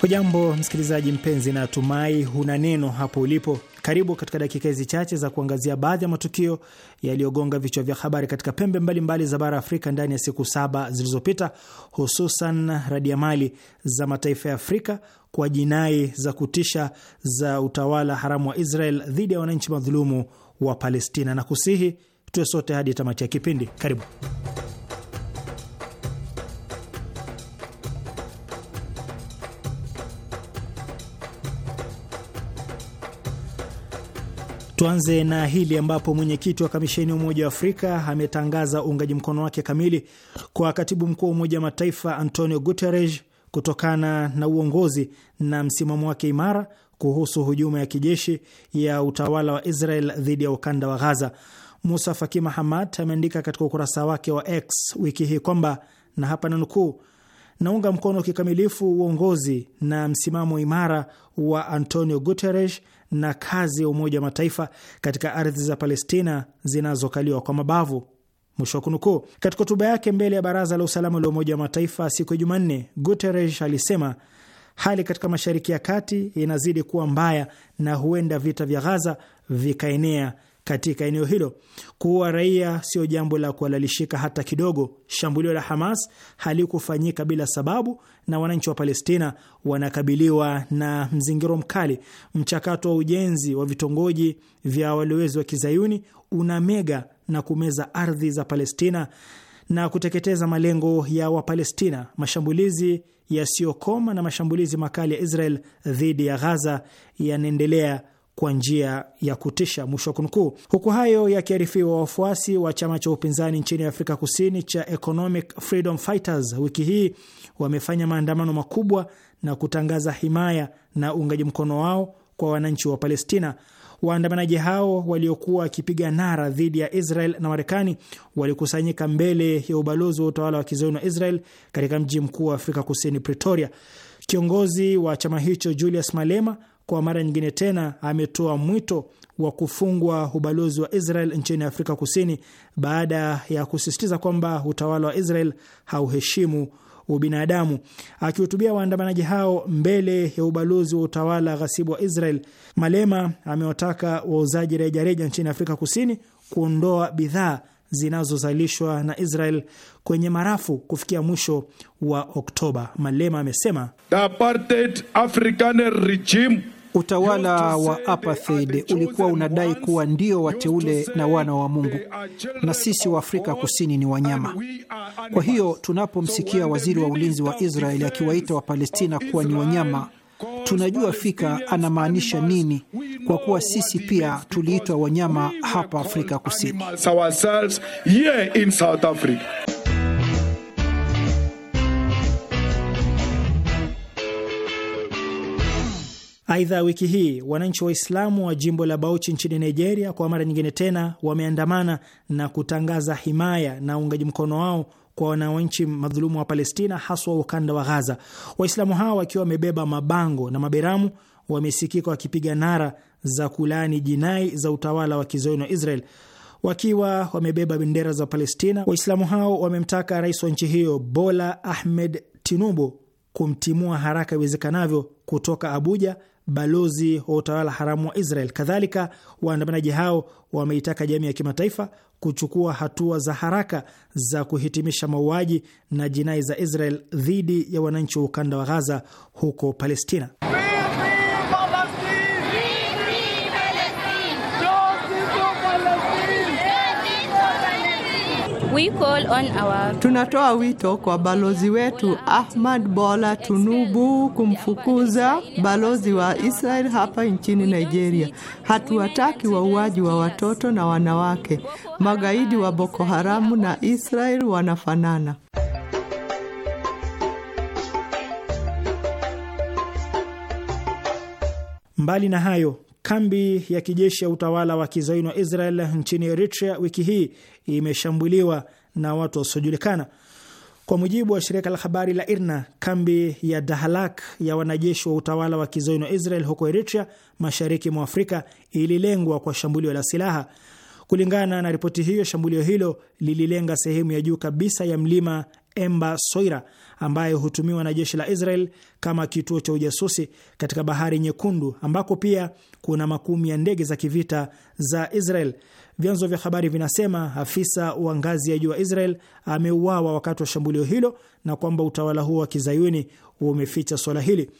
B: Hujambo msikilizaji mpenzi, na tumai huna neno hapo ulipo karibu katika dakika hizi chache za kuangazia baadhi ya matukio yaliyogonga vichwa vya habari katika pembe mbalimbali mbali za bara Afrika ndani ya siku saba zilizopita, hususan radiamali za mataifa ya Afrika kwa jinai za kutisha za utawala haramu wa Israel dhidi ya wananchi madhulumu wa Palestina, na kusihi tuwe sote hadi tamati ya kipindi. Karibu. Tuanze na hili ambapo mwenyekiti wa kamisheni ya Umoja wa Afrika ametangaza uungaji mkono wake kamili kwa katibu mkuu wa Umoja wa Mataifa Antonio Guterres kutokana na uongozi na msimamo wake imara kuhusu hujuma ya kijeshi ya utawala wa Israel dhidi ya ukanda wa Ghaza. Musa Faki Mahamat ameandika katika ukurasa wake wa X wiki hii kwamba, na hapa nukuu, naunga mkono kikamilifu uongozi na msimamo imara wa Antonio Guterres na kazi ya Umoja wa Mataifa katika ardhi za Palestina zinazokaliwa kwa mabavu. Mwisho wa kunukuu. Katika hotuba yake mbele ya Baraza la Usalama la Umoja wa Mataifa siku ya Jumanne, Guterres alisema hali katika Mashariki ya Kati inazidi kuwa mbaya na huenda vita vya Ghaza vikaenea katika eneo hilo. Kuua raia sio jambo la kuhalalishika hata kidogo. Shambulio la Hamas halikufanyika bila sababu, na wananchi wa Palestina wanakabiliwa na mzingiro mkali. Mchakato wa ujenzi wa vitongoji vya walowezi wa kizayuni una mega na kumeza ardhi za Palestina na kuteketeza malengo ya Wapalestina. Mashambulizi yasiyokoma na mashambulizi makali ya Israel dhidi ya Ghaza yanaendelea kwa njia ya kutisha, mwisho wa kunukuu. Huku hayo yakiarifiwa, wafuasi wa chama cha upinzani nchini Afrika Kusini cha Economic Freedom Fighters wiki hii wamefanya maandamano makubwa na kutangaza himaya na uungaji mkono wao kwa wananchi wa Palestina. Waandamanaji hao waliokuwa wakipiga nara dhidi ya Israel na Marekani walikusanyika mbele ya ubalozi wa utawala wa kizayuni wa Israel katika mji mkuu wa Afrika Kusini, Pretoria. Kiongozi wa chama hicho Julius Malema kwa mara nyingine tena ametoa mwito wa kufungwa ubalozi wa Israel nchini Afrika Kusini baada ya kusisitiza kwamba utawala wa Israel hauheshimu ubinadamu. Akihutubia waandamanaji hao mbele ya ubalozi wa utawala ghasibu wa Israel, Malema amewataka wauzaji rejareja nchini Afrika Kusini kuondoa bidhaa zinazozalishwa na Israel kwenye marafu kufikia mwisho wa Oktoba. Malema amesema
C: The apartheid
B: regime Utawala wa apartheid ulikuwa unadai kuwa ndio wateule na wana wa Mungu, na sisi wa Afrika Kusini ni wanyama. Kwa hiyo tunapomsikia waziri wa ulinzi wa Israeli akiwaita Wapalestina kuwa ni wanyama, tunajua fika anamaanisha nini, kwa kuwa sisi pia tuliitwa wanyama hapa Afrika Kusini. Aidha, wiki hii wananchi Waislamu wa jimbo la Bauchi nchini Nigeria kwa mara nyingine tena wameandamana na kutangaza himaya na uungaji mkono wao kwa wananchi madhulumu wa Palestina, haswa ukanda wa Ghaza. Waislamu hao wakiwa wamebeba mabango na maberamu, wamesikika wakipiga nara za kulaani jinai za utawala wa kizayuni wa Israel. Wakiwa wamebeba bendera za Palestina, Waislamu hao wamemtaka rais wa nchi hiyo Bola Ahmed Tinubu kumtimua haraka iwezekanavyo kutoka Abuja balozi wa utawala haramu wa Israel. Kadhalika, waandamanaji hao wameitaka jamii ya kimataifa kuchukua hatua za haraka za kuhitimisha mauaji na jinai za Israel dhidi ya wananchi wa ukanda wa Ghaza huko Palestina.
D: We call on our...
C: tunatoa wito kwa balozi wetu Ahmad Bola Tunubu kumfukuza balozi wa Israel hapa nchini Nigeria. Hatuwataki wauaji wa watoto na wanawake. Magaidi wa Boko Haramu na Israel wanafanana.
B: Mbali na hayo Kambi ya kijeshi ya utawala wa kizayuni wa Israel nchini Eritrea wiki hii imeshambuliwa na watu wasiojulikana. Kwa mujibu wa shirika la habari la IRNA, kambi ya Dahalak ya wanajeshi wa utawala wa kizayuni wa Israel huko Eritrea, mashariki mwa Afrika, ililengwa kwa shambulio la silaha. Kulingana na ripoti hiyo, shambulio hilo lililenga sehemu ya juu kabisa ya mlima Emba Soira ambayo hutumiwa na jeshi la Israel kama kituo cha ujasusi katika Bahari Nyekundu, ambako pia kuna makumi ya ndege za kivita za Israel. Vyanzo vya habari vinasema afisa wa ngazi ya juu wa Israel ameuawa wakati wa shambulio hilo na kwamba utawala huo wa kizayuni umeficha swala hili.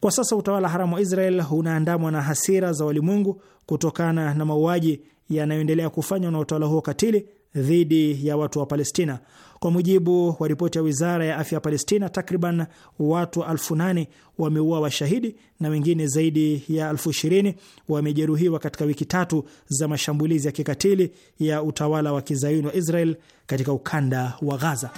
B: Kwa sasa utawala haramu wa Israel unaandamwa na hasira za walimwengu kutokana na mauaji yanayoendelea kufanywa na utawala huo katili dhidi ya watu wa Palestina. Kwa mujibu wa ripoti ya wizara ya afya ya Palestina, takriban watu elfu nane wameua washahidi na wengine zaidi ya elfu ishirini wamejeruhiwa katika wiki tatu za mashambulizi ya kikatili ya utawala wa kizayuni wa Israel katika ukanda wa Ghaza.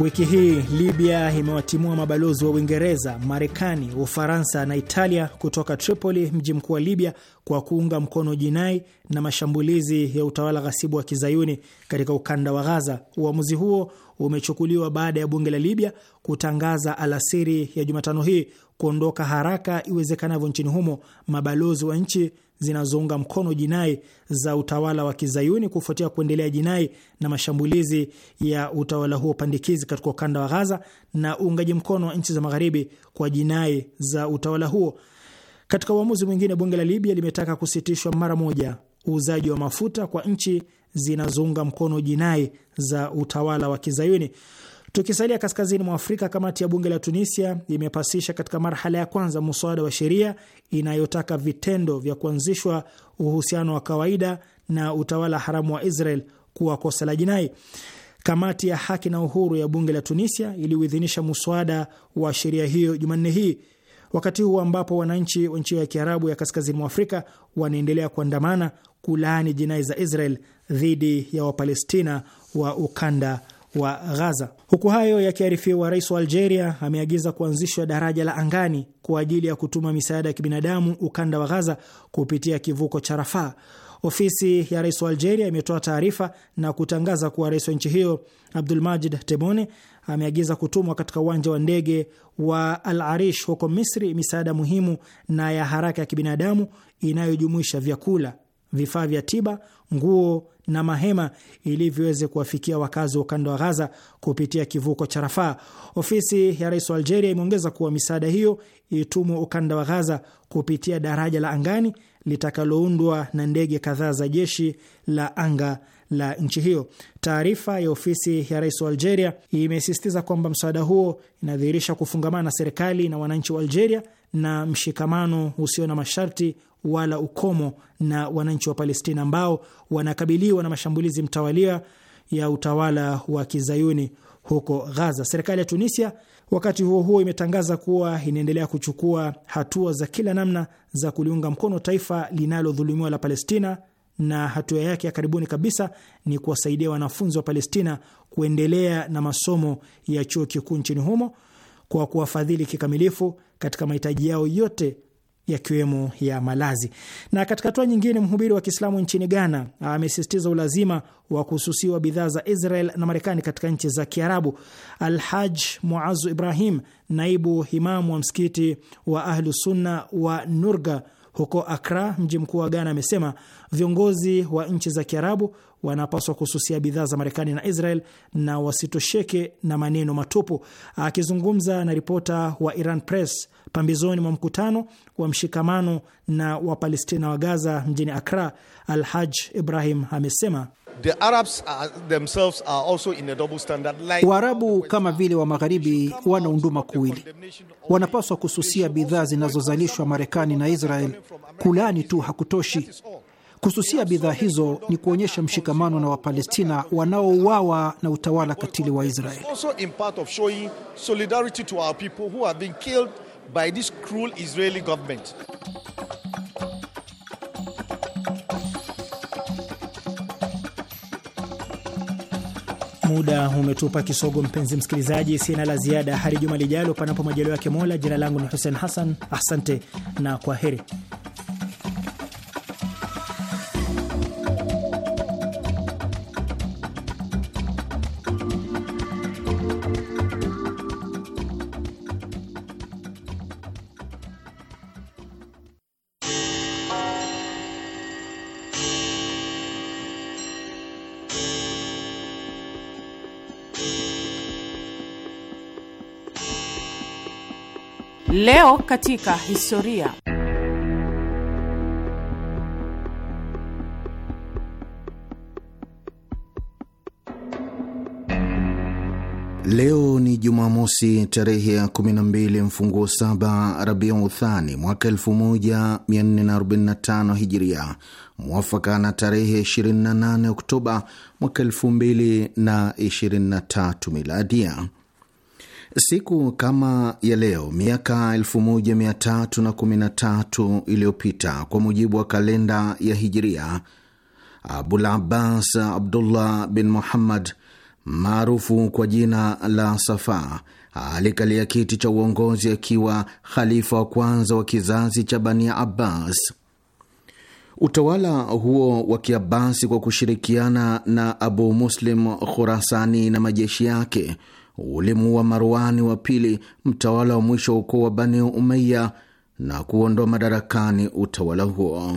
B: Wiki hii Libya imewatimua mabalozi wa Uingereza, Marekani, Ufaransa na Italia kutoka Tripoli, mji mkuu wa Libya, kwa kuunga mkono jinai na mashambulizi ya utawala ghasibu wa kizayuni katika ukanda wa Ghaza. Uamuzi huo umechukuliwa baada ya bunge la Libya kutangaza alasiri ya Jumatano hii kuondoka haraka iwezekanavyo nchini humo mabalozi wa nchi zinazounga mkono jinai za utawala wa kizayuni kufuatia kuendelea jinai na mashambulizi ya utawala huo pandikizi katika ukanda wa Gaza na uungaji mkono wa nchi za magharibi kwa jinai za utawala huo. Katika uamuzi mwingine, bunge la Libya limetaka kusitishwa mara moja uuzaji wa mafuta kwa nchi zinazounga mkono jinai za utawala wa kizayuni. Tukisalia kaskazini mwa Afrika, kamati ya bunge la Tunisia imepasisha katika marhala ya kwanza muswada wa sheria inayotaka vitendo vya kuanzishwa uhusiano wa kawaida na utawala haramu wa Israel kuwa kosa la jinai. Kamati ya haki na uhuru ya bunge la Tunisia iliuidhinisha muswada wa sheria hiyo Jumanne hii wakati huu ambapo wananchi wa nchi ya Kiarabu ya kaskazini mwa Afrika wanaendelea kuandamana kulaani jinai za Israel dhidi ya Wapalestina wa ukanda wa Ghaza. Huku hayo yakiarifiwa, rais wa Algeria ameagiza kuanzishwa daraja la angani kwa ajili ya kutuma misaada ya kibinadamu ukanda wa Ghaza kupitia kivuko cha Rafaa. Ofisi ya rais wa Algeria imetoa taarifa na kutangaza kuwa rais wa nchi hiyo Abdulmajid Tebboune ameagiza kutumwa katika uwanja wa ndege wa Al Arish huko Misri misaada muhimu na ya haraka ya kibinadamu inayojumuisha vyakula, vifaa vya tiba, nguo na mahema ili viweze kuwafikia wakazi wa ukanda wa Ghaza kupitia kivuko cha Rafaa. Ofisi ya rais wa Algeria imeongeza kuwa misaada hiyo itumwe ukanda wa Ghaza kupitia daraja la angani litakaloundwa na ndege kadhaa za jeshi la anga la nchi hiyo. Taarifa ya ofisi ya rais wa Algeria imesisitiza kwamba msaada huo inadhihirisha kufungamana na serikali na wananchi wa Algeria na mshikamano usio na masharti wala ukomo na wananchi wa Palestina ambao wanakabiliwa na mashambulizi mtawalia ya utawala wa kizayuni huko Ghaza. Serikali ya Tunisia wakati huo huo imetangaza kuwa inaendelea kuchukua hatua za kila namna za kuliunga mkono taifa linalodhulumiwa la Palestina, na hatua yake ya karibuni kabisa ni kuwasaidia wanafunzi wa Palestina kuendelea na masomo ya chuo kikuu nchini humo kwa kuwafadhili kikamilifu katika mahitaji yao yote yakiwemo ya malazi. Na katika hatua nyingine, mhubiri wa Kiislamu nchini Ghana amesisitiza ulazima wa kuhususiwa bidhaa za Israel na Marekani katika nchi za Kiarabu. Alhaj Muazu Ibrahim, naibu imamu wa msikiti wa Ahlusunna wa Nurga huko Akra, mji mkuu wa Ghana, amesema viongozi wa nchi za Kiarabu wanapaswa kuhususia bidhaa za Marekani na Israel na wasitosheke na maneno matupu. Akizungumza na ripota wa Iran Press pambizoni mwa mkutano wa mshikamano na Wapalestina wa Gaza mjini Akra, Al Haj Ibrahim amesema Waarabu kama vile wa Magharibi wana unduma kuwili, wanapaswa kususia bidhaa zinazozalishwa Marekani na Israel. Kulani tu hakutoshi. Kususia bidhaa hizo ni kuonyesha mshikamano na Wapalestina wanaouawa na utawala katili wa Israel
E: by this cruel Israeli government.
B: Muda umetupa kisogo, mpenzi msikilizaji, sina la ziada hadi juma lijalo, panapo majaliwa yake Mola. Jina langu ni Hussein Hassan, asante na kwa heri.
A: Leo
E: katika historia. Leo ni Jumamosi tarehe ya 12 mfunguo saba Rabiu Uthani mwaka 1445 Hijiria, mwafaka na tarehe 28 Oktoba mwaka 2023 Miladia. Siku kama ya leo miaka 1313 iliyopita kwa mujibu wa kalenda ya Hijiria, Abul Abbas Abdullah bin Muhammad maarufu kwa jina la Safa alikalia kiti cha uongozi akiwa khalifa wa kwanza wa kizazi cha Bani Abbas. Utawala huo wa Kiabasi, kwa kushirikiana na Abu Muslim Khurasani na majeshi yake ulimuua Marwani wa pili, mtawala wa mwisho ukoo wa Bani Umeya, na kuondoa madarakani utawala huo.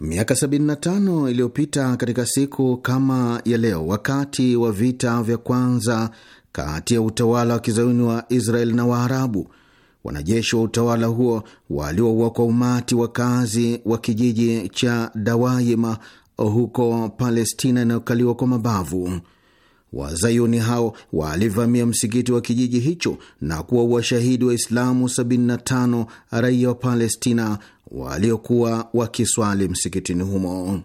E: Miaka 75 iliyopita katika siku kama ya leo, wakati wa vita vya kwanza kati ya utawala wa kizayuni wa Israel na Waarabu, Wanajeshi wa utawala huo walioua kwa umati wakazi wa kijiji cha Dawaima huko Palestina inayokaliwa kwa mabavu. Wazayuni hao walivamia msikiti wa kijiji hicho na kuwa washahidi Waislamu 75 raia wa Palestina waliokuwa wakiswali msikitini humo.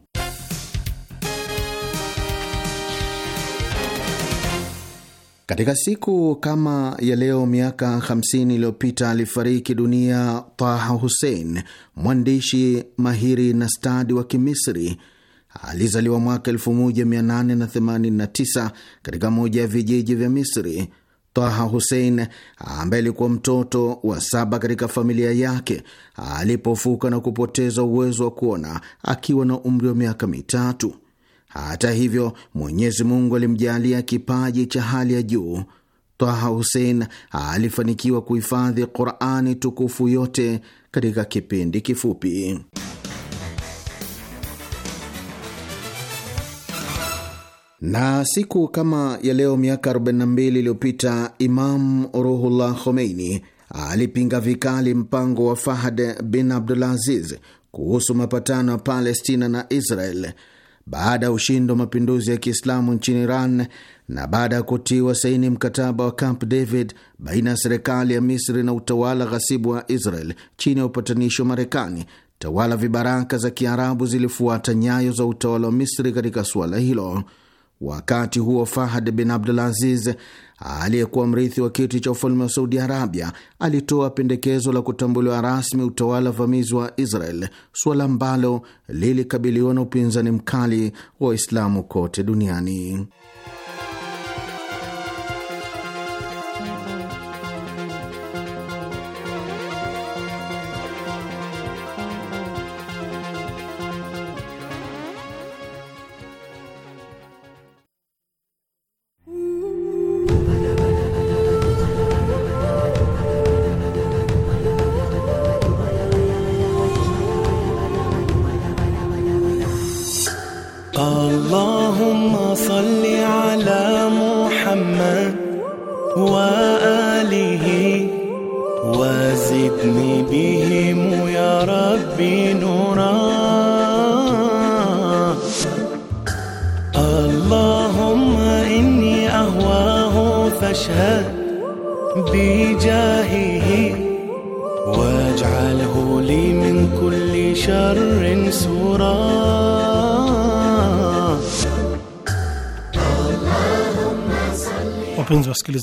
E: Katika siku kama ya leo miaka 50 iliyopita alifariki dunia Taha Hussein, mwandishi mahiri na stadi wa Kimisri. Alizaliwa mwaka 1889 katika moja ya vijiji vya Misri. Taha Hussein, ambaye alikuwa mtoto wa saba katika familia yake, alipofuka na kupoteza uwezo wa kuona akiwa na umri wa miaka mitatu. Hata hivyo, Mwenyezi Mungu alimjalia kipaji cha hali ya juu. Taha Hussein alifanikiwa kuhifadhi Qurani tukufu yote katika kipindi kifupi. Na siku kama ya leo miaka 42 iliyopita Imam Ruhullah Khomeini alipinga vikali mpango wa Fahad bin Abdulaziz kuhusu mapatano ya Palestina na Israel baada ya ushindi wa mapinduzi ya Kiislamu nchini Iran na baada ya kutiwa saini mkataba wa Camp David baina ya serikali ya Misri na utawala ghasibu wa Israel chini ya upatanishi wa Marekani, tawala vibaraka za Kiarabu zilifuata nyayo za utawala wa Misri katika suala hilo. Wakati huo Fahad bin Abdulaziz aliyekuwa mrithi wa kiti cha ufalme wa Saudi Arabia alitoa pendekezo la kutambuliwa rasmi utawala vamizi wa Israel, suala ambalo lilikabiliwa na upinzani mkali wa Waislamu kote duniani.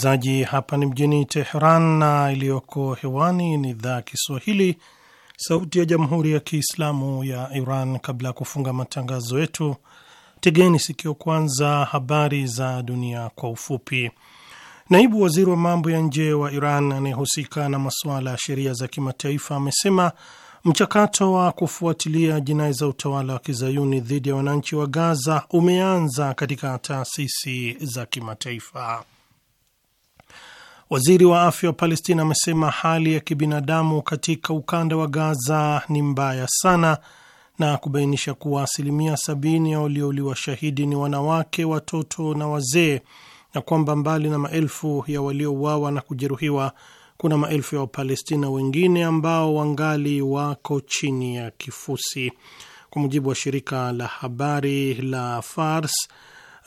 D: wasikilizaji, hapa ni mjini Teheran na iliyoko hewani ni idhaa ya Kiswahili, Sauti ya Jamhuri ya Kiislamu ya Iran. Kabla ya kufunga matangazo yetu, tegeni sikio kwanza habari za dunia kwa ufupi. Naibu waziri wa mambo ya nje wa Iran anayehusika na masuala ya sheria za kimataifa amesema mchakato wa kufuatilia jinai za utawala wa kizayuni dhidi ya wananchi wa Gaza umeanza katika taasisi za kimataifa. Waziri wa afya wa Palestina amesema hali ya kibinadamu katika ukanda wa Gaza ni mbaya sana na kubainisha kuwa asilimia sabini ya waliouliwa shahidi ni wanawake, watoto na wazee, na kwamba mbali na maelfu ya waliouawa na kujeruhiwa kuna maelfu ya Wapalestina wengine ambao wangali wako chini ya kifusi. Kwa mujibu wa shirika la habari la Fars,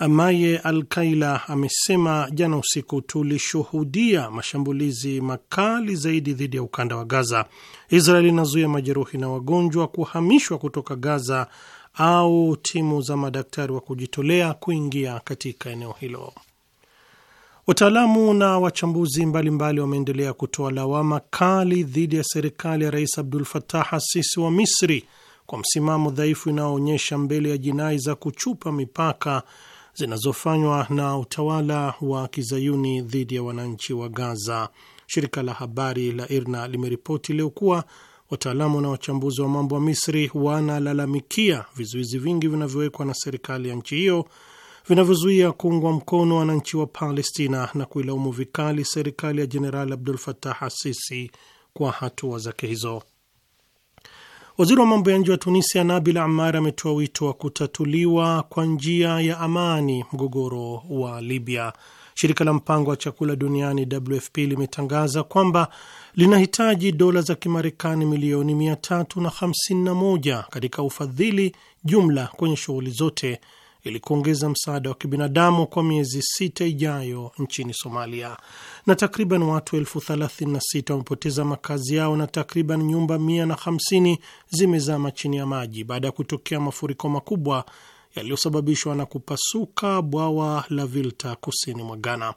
D: Maye Alkaila amesema jana usiku, tulishuhudia mashambulizi makali zaidi dhidi ya ukanda wa Gaza. Israeli inazuia majeruhi na wagonjwa kuhamishwa kutoka Gaza au timu za madaktari wa kujitolea kuingia katika eneo hilo. Wataalamu na wachambuzi mbalimbali wameendelea kutoa lawama kali dhidi ya serikali ya Rais Abdul fatah Asisi wa Misri kwa msimamo dhaifu inayoonyesha mbele ya jinai za kuchupa mipaka zinazofanywa na utawala wa kizayuni dhidi ya wananchi wa Gaza. Shirika la habari la IRNA limeripoti leo kuwa wataalamu na wachambuzi wa mambo wa Misri wanalalamikia vizuizi vingi vinavyowekwa na serikali ya nchi hiyo vinavyozuia kuungwa mkono wananchi wa Palestina na kuilaumu vikali serikali ya Jenerali Abdul Fatah Asisi kwa hatua zake hizo. Waziri wa mambo ya nje wa Tunisia Nabil Amar ametoa wito wa kutatuliwa kwa njia ya amani mgogoro wa Libya. Shirika la mpango wa chakula duniani WFP limetangaza kwamba linahitaji dola za Kimarekani milioni 351 katika ufadhili jumla kwenye shughuli zote ili kuongeza msaada wa kibinadamu kwa miezi sita ijayo nchini Somalia na takriban watu elfu sita wamepoteza makazi yao na takriban nyumba hamsini zimezama chini ya maji baada ya kutokea mafuriko makubwa yaliyosababishwa na kupasuka bwawa la Vilta kusini mwa Ghana.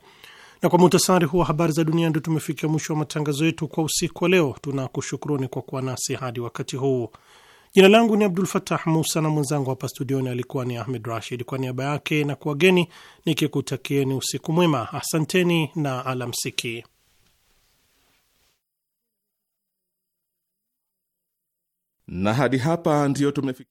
D: Na kwa muhtasari huu wa habari za dunia, ndio tumefikia mwisho wa matangazo yetu kwa usiku wa leo. Tunakushukuruni kwa kuwa nasi hadi wakati huu. Jina langu ni Abdul Fatah Musa na mwenzangu hapa studioni alikuwa ni Ahmed Rashid. Kwa niaba yake na kuwageni nikikutakieni usiku mwema, asanteni na alamsiki.
C: Na hadi hapa ndiyo tumefika.